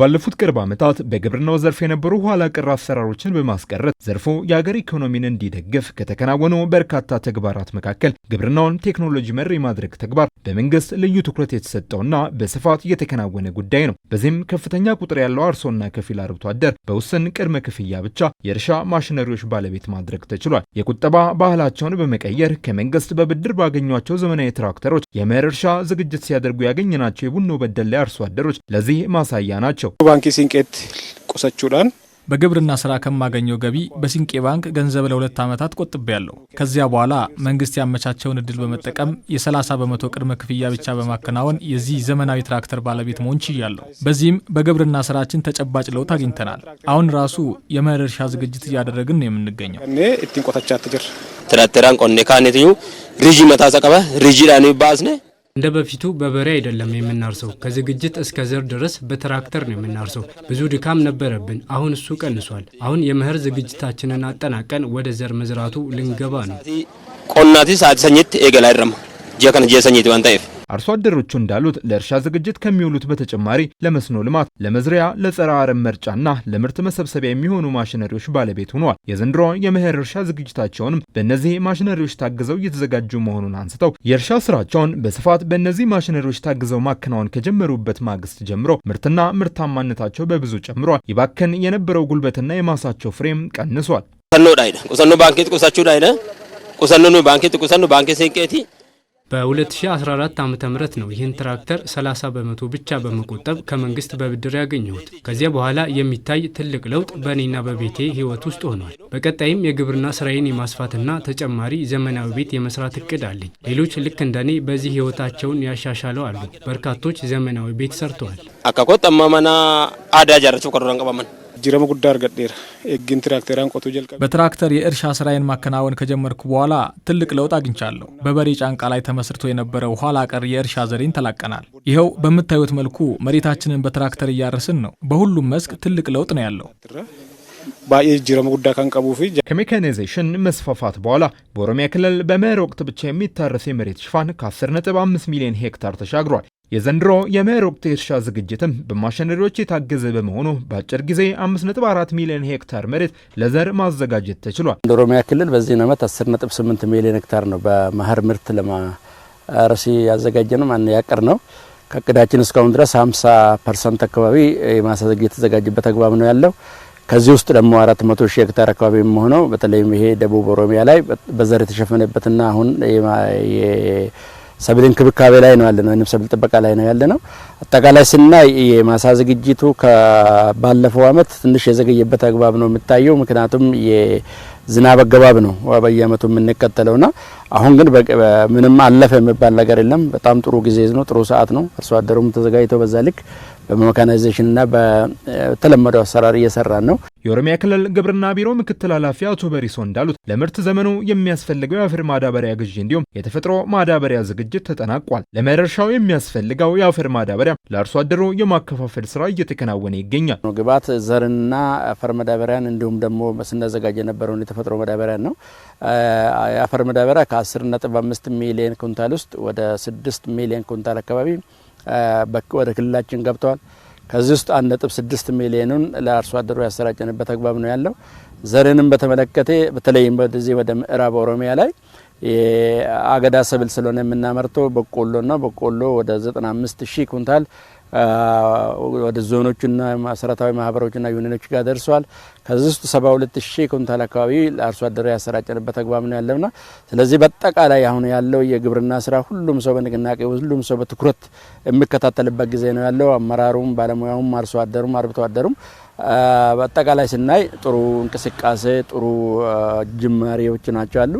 ባለፉት ቅርብ ዓመታት በግብርናው ዘርፍ የነበሩ ኋላ ቀር አሰራሮችን በማስቀረት ዘርፎ የአገር ኢኮኖሚን እንዲደግፍ ከተከናወኑ በርካታ ተግባራት መካከል ግብርናውን ቴክኖሎጂ መር የማድረግ ተግባር በመንግስት ልዩ ትኩረት የተሰጠውና በስፋት የተከናወነ ጉዳይ ነው። በዚህም ከፍተኛ ቁጥር ያለው አርሶና ከፊል አርብቶ አደር በውስን ቅድመ ክፍያ ብቻ የእርሻ ማሽነሪዎች ባለቤት ማድረግ ተችሏል። የቁጠባ ባህላቸውን በመቀየር ከመንግስት በብድር ባገኟቸው ዘመናዊ ትራክተሮች የመኸር እርሻ ዝግጅት ሲያደርጉ ያገኘናቸው የቡኖ በደሌ አርሶ አደሮች ለዚህ ማሳያ ናቸው። ናቸው። ባንኪ ሲንቄት ቁሰችላን በግብርና ስራ ከማገኘው ገቢ በሲንቄ ባንክ ገንዘብ ለሁለት ዓመታት ቆጥቤያለሁ። ከዚያ በኋላ መንግስት ያመቻቸውን እድል በመጠቀም የ30 በመቶ ቅድመ ክፍያ ብቻ በማከናወን የዚህ ዘመናዊ ትራክተር ባለቤት መሆን ችያለሁ። በዚህም በግብርና ስራችን ተጨባጭ ለውጥ አግኝተናል። አሁን ራሱ የመኸር እርሻ ዝግጅት እያደረግን ነው የምንገኘው። ትራክተራን ቆኔ ካኔትዩ ሪጂ መታሰቀበ ሪጂ ዳኒ ባስነ እንደ በፊቱ በበሬ አይደለም የምናርሰው። ከዝግጅት እስከ ዘር ድረስ በትራክተር ነው የምናርሰው። ብዙ ድካም ነበረብን። አሁን እሱ ቀንሷል። አሁን የመኸር ዝግጅታችንን አጠናቀን ወደ ዘር መዝራቱ ልንገባ ነው። ቆናቲ ሰኝት ኤገላ ጀከን ጀሰኝት አርሶ አደሮቹ እንዳሉት ለእርሻ ዝግጅት ከሚውሉት በተጨማሪ ለመስኖ ልማት፣ ለመዝሪያ፣ ለጸረ አረም መርጫና ለምርት መሰብሰቢያ የሚሆኑ ማሽነሪዎች ባለቤት ሆነዋል። የዘንድሮ የመኸር እርሻ ዝግጅታቸውንም በእነዚህ ማሽነሪዎች ታግዘው እየተዘጋጁ መሆኑን አንስተው የእርሻ ስራቸውን በስፋት በእነዚህ ማሽነሪዎች ታግዘው ማከናወን ከጀመሩበት ማግስት ጀምሮ ምርትና ምርታማነታቸው በብዙ ጨምሯል። ይባክን የነበረው ጉልበትና የማሳቸው ፍሬም ቀንሷል። ቁሰኖ ዳይነ ቁሰኖ ባንኬት ቁሳቹ ዳይነ ቁሰኖ ባንኬት ቁሰኖ ባንኬት ሲንቄቲ በ2014 ዓ ም ነው ይህን ትራክተር 30 በመቶ ብቻ በመቆጠብ ከመንግስት በብድር ያገኘሁት። ከዚያ በኋላ የሚታይ ትልቅ ለውጥ በእኔና በቤቴ ህይወት ውስጥ ሆኗል። በቀጣይም የግብርና ስራዬን የማስፋትና ተጨማሪ ዘመናዊ ቤት የመስራት እቅድ አለኝ። ሌሎች ልክ እንደኔ በዚህ ህይወታቸውን ያሻሻለው አሉ። በርካቶች ዘመናዊ ቤት ሰርተዋል። አካኮ ጠማመና አዳ ጃረቹ ቀሩረን ጅረመ ጉዳ አርገዴራ ኤግን ትራክተራን ቆቱ ጀልቀ በትራክተር የእርሻ ስራዬን ማከናወን ከጀመርኩ በኋላ ትልቅ ለውጥ አግኝቻለሁ። በበሬ ጫንቃ ላይ ተመስርቶ የነበረው ኋላ ቀር የእርሻ ዘዴን ተላቀናል። ይኸው በምታዩት መልኩ መሬታችንን በትራክተር እያረስን ነው። በሁሉም መስክ ትልቅ ለውጥ ነው ያለው። ባኤ ጅረመ ጉዳ ፊ ከሜካናይዜሽን መስፋፋት በኋላ በኦሮሚያ ክልል በመኸር ወቅት ብቻ የሚታረስ የመሬት ሽፋን ከ10.5 ሚሊዮን ሄክታር ተሻግሯል። የዘንድሮ የመኸር ወቅት የእርሻ ዝግጅትም በማሽነሪዎች የታገዘ በመሆኑ በአጭር ጊዜ 5.4 ሚሊዮን ሄክታር መሬት ለዘር ማዘጋጀት ተችሏል። እንደ ኦሮሚያ ክልል በዚህ ዓመት 10.8 ሚሊዮን ሄክታር ነው በመኸር ምርት ለማረስ ያዘጋጀ ነው ማን ያቀር ነው። ከእቅዳችን እስካሁን ድረስ 50 ፐርሰንት አካባቢ የማሳዘግ የተዘጋጀበት አግባብ ነው ያለው። ከዚህ ውስጥ ደግሞ 400 ሺህ ሄክታር አካባቢ የሚሆነው በተለይም ይሄ ደቡብ ኦሮሚያ ላይ በዘር የተሸፈነበትና አሁን ሰብል እንክብካቤ ላይ ነው ያለነው ወይም ሰብል ጥበቃ ላይ ነው ያለነው። አጠቃላይ ስናይ የማሳ ዝግጅቱ ከባለፈው አመት ትንሽ የዘገየበት አግባብ ነው የሚታየው። ምክንያቱም የዝናብ አገባብ ነው በየአመቱ ና አሁን ግን ምንም አለፈ የሚባል ነገር የለም። በጣም ጥሩ ጊዜ ነው፣ ጥሩ ሰዓት ነው። አርሶ አደሩም ተዘጋጅተው በዛ ልክ እና በተለመደው አሰራር እየሰራን ነው። የኦሮሚያ ክልል ግብርና ቢሮ ምክትል ኃላፊ አቶ በሪሶ እንዳሉት ለምርት ዘመኑ የሚያስፈልገው የአፈር ማዳበሪያ ግዢ እንዲሁም የተፈጥሮ ማዳበሪያ ዝግጅት ተጠናቋል። ለመደርሻው የሚያስፈልገው የአፈር ማዳበሪያ ለአርሶ አደሩ የማከፋፈል ስራ እየተከናወነ ይገኛል። ግብዓት ዘርንና አፈር ማዳበሪያን እንዲሁም ደግሞ ስናዘጋጅ የነበረውን የተፈጥሮ ማዳበሪያን ነው። የአፈር ማዳበሪያ ከ ስ ነጥብ 5 ሚሊዮን ኩንታል ውስጥ ወደ 6 ሚሊዮን ኩንታል አካባቢ ወደ ክልላችን ገብተዋል። ከዚህ ውስጥ አንድ ነጥብ ስድስት ሚሊዮኑን ለአርሶ አደሩ ያሰራጨንበት አግባብ ነው ያለው። ዘርንም በተመለከተ በተለይም በዚህ ወደ ምዕራብ ኦሮሚያ ላይ የአገዳ ሰብል ስለሆነ የምናመርተው በቆሎና በቆሎ ወደ 95 ሺህ ኩንታል ወደ ዞኖቹና መሰረታዊ ማህበሮችና ዩኒኖች ጋር ደርሰዋል። ከዚህ ውስጥ 72 ሺህ ኩንታል አካባቢ ለአርሶ አደሩ ያሰራጨንበት አግባብ ነው ያለውና ስለዚህ በአጠቃላይ አሁን ያለው የግብርና ስራ ሁሉም ሰው በንቅናቄ ሁሉም ሰው በትኩረት የሚከታተልበት ጊዜ ነው ያለው። አመራሩም፣ ባለሙያውም፣ አርሶ አደሩም፣ አርብቶ አደሩም በአጠቃላይ ስናይ ጥሩ እንቅስቃሴ ጥሩ ጅማሬዎች ናቸው አሉ።